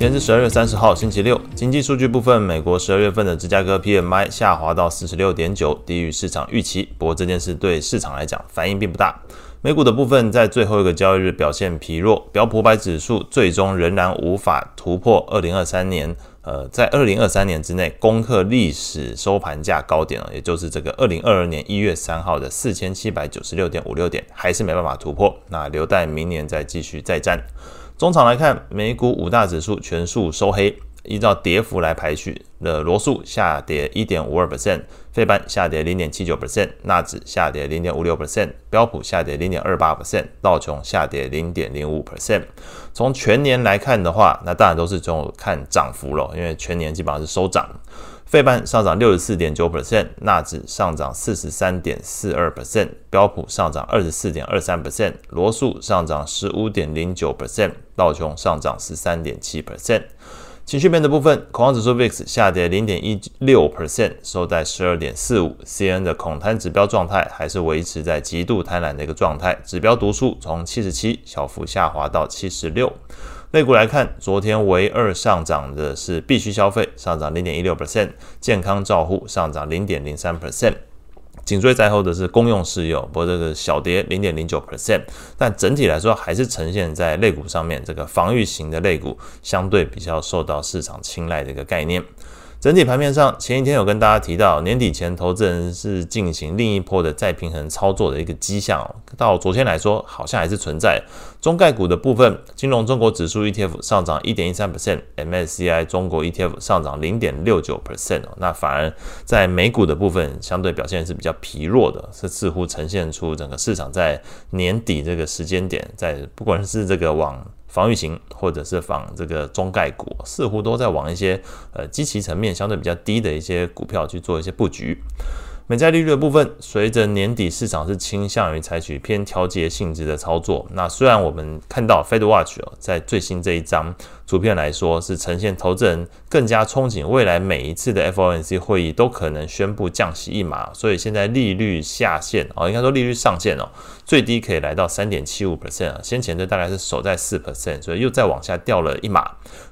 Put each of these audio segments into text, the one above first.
今天是十二月三十號，星期六。經濟數據部分，美國十二月份的芝加哥 PMI 下滑到四十六點九，低於市場預期。不過這件事對市場來講反應並不大。美股的部分在最後一個交易日表現疲弱，標普五百指數最終仍然無法突破二零二三年，呃，在二零二三年之內攻克歷史收盤價高點了，也就是這個二零二二年一月三號的四千七百九十六點五六點，還是沒辦法突破。那留待明年再繼續再戰。終場來看，美股五大指數全數收黑，依照跌幅來排序，了羅素下跌一點五二百分，費半下跌零點七九百分，納指下跌零點五六百分，標普下跌零點二八百分，道瓊下跌零點零五百分。從全年來看的話，那當然都是從看漲幅了，因為全年基本上是收漲。費半上漲六十四點九百分，納指上漲四十三點四二百分，標普上漲二十四點二三百分，羅素上漲十五點零九百分，道瓊上漲十三點七百分。情緒面的部分，恐慌指數 VIX 下跌零點一六百分，收在十二點四五。CNN 的恐貪指標狀態還是維持在極度貪婪的一個狀態，指標讀數從七十七小幅下滑到七十六。類股來看，昨天唯二上漲的是必需消費，上漲零點一六 percent；健康照護上漲零點零三 percent。緊追在後的是公用事業，不過這個小跌零點零九 percent。但整體來說，還是呈現在類股上面，這個防禦型的類股相對比較受到市場青睞的一個概念。整體盤面上，前一天有跟大家提到，年底前投資人是進行另一波的再平衡操作的一個跡象、哦。到昨天來說，好像還是存在。中概股的部分，金龍中國指數 ETF 上漲一點一三 percent，MSCI 中國 ETF 上漲零點六九 percent。哦、那反而在美股的部分，相對表現是比較疲弱的，是似乎呈現出整個市場在年底這個時間點，在不管是這個往，防禦型或者是防這個中概股，似乎都在往一些呃基期層面相對比較低的一些股票去做一些布局。美債利率的部分，隨着年底市場是傾向於採取偏調節性質的操作。那雖然我們看到 FedWatch、哦、在最新這一張圖片來說，是呈現投資人更加憧憬未來每一次的 FOMC 會議都可能宣布降息一碼，所以現在利率下限哦，應該說利率上限哦，最低可以來到三點七五 percent 啊，先前的大概是守在四 percent，所以又再往下掉了一碼。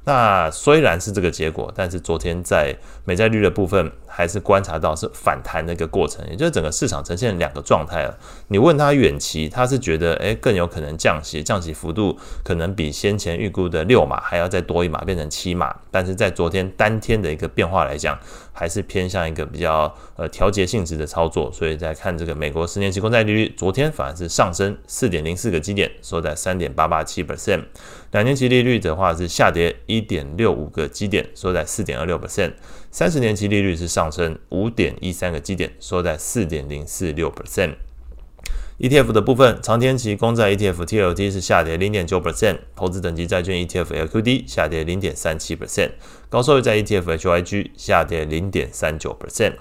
那雖然是這個結果，但是昨天在美債利率的部分，還是觀察到是反彈的一個過程，也就是整個市場呈現兩個狀態了。你問他遠期，他是覺得誒，更有可能降息，降息幅度可能比先前預估的六碼還要再多一碼，變成七碼。但是在昨天當天的一個變化來講，還是偏向一個比較呃調節性質的操作。所以在看這個美國十年期公債利率，昨天反而是上升四點零四個基點，收在三點八八七 percent。兩年期利率的話是下跌一點六五個基點，收在四點二六 percent。三十年期利率是上升五點一三個基點，收在四點零四六 percent。ETF 的部分，長天期公債 ETF TLT 是下跌零點九 percent，投資等級債券 ETF LQD 下跌零點三七 percent，高收益債 ETF HYG 下跌零點三九 percent。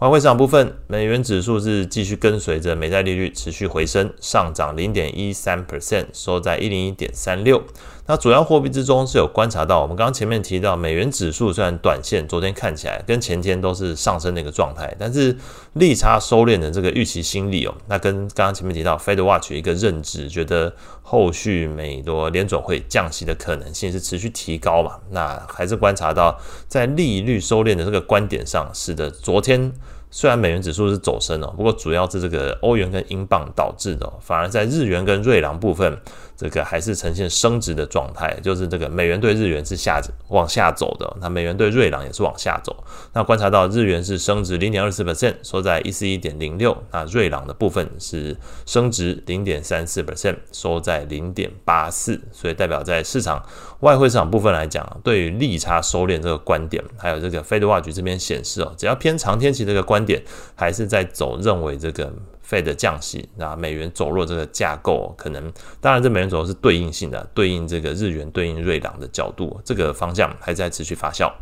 外匯市場部分，美元指數是繼續跟隨着美債利率持續回升，上漲零點一三 percent，收在一零一點三六。那主要貨幣之中是有觀察到，我們剛剛前面提到美元指數雖然短線昨天看起來跟前天都是上升的一個狀態，但是利差收斂的這個預期心理哦，那跟剛剛前面提到 Fed Watch 一個認知，覺得後續美國聯準會降息的可能性是持續提高嘛，那還是觀察到在利率收斂的這個觀點上，使得昨天。雖然美元指數是走升哦，不過主要是這個歐元跟英鎊導致的哦，反而在日元跟瑞郎部分，這個還是呈現升值的狀態，就是這個美元兌日元是下往下走的哦，那美元兌瑞郎也是往下走。那觀察到日元是升值零點二四 percent，收在一四一點零六，那瑞郎的部分是升值零點三四 percent，收在零點八四，所以代表在市場外匯市場部分來講，對於利差收斂這個觀點，還有這個 FedWatch 這邊顯示哦，只要偏長天期這個觀點。點還是在走，認為這個 Fed 的降息啊，那美元走弱這個架構可能，當然這美元走弱是對應性的，對應這個日元對應瑞郎的角度，這個方向還是在持續發酵。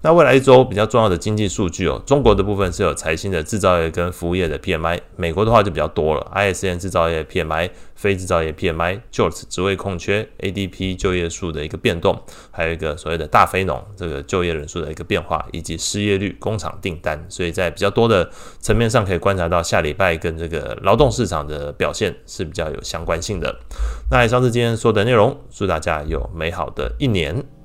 那未來一周比較重要的經濟數據哦，中國的部分是有財新的制造業跟服務業的 PMI，美國的話就比較多了，ISM 製造業 PMI、非制造業 PMI、JOLTs 職位空缺、ADP 就業數的一個變動，還有一個所謂的大非農這個就業人數的一個變化，以及失業率、工廠訂單，所以在比較多的層面上可以觀察到下禮拜跟這個勞動市場的表現是比較有相關性的。那以上是今天說的內容，祝大家有美好的一年。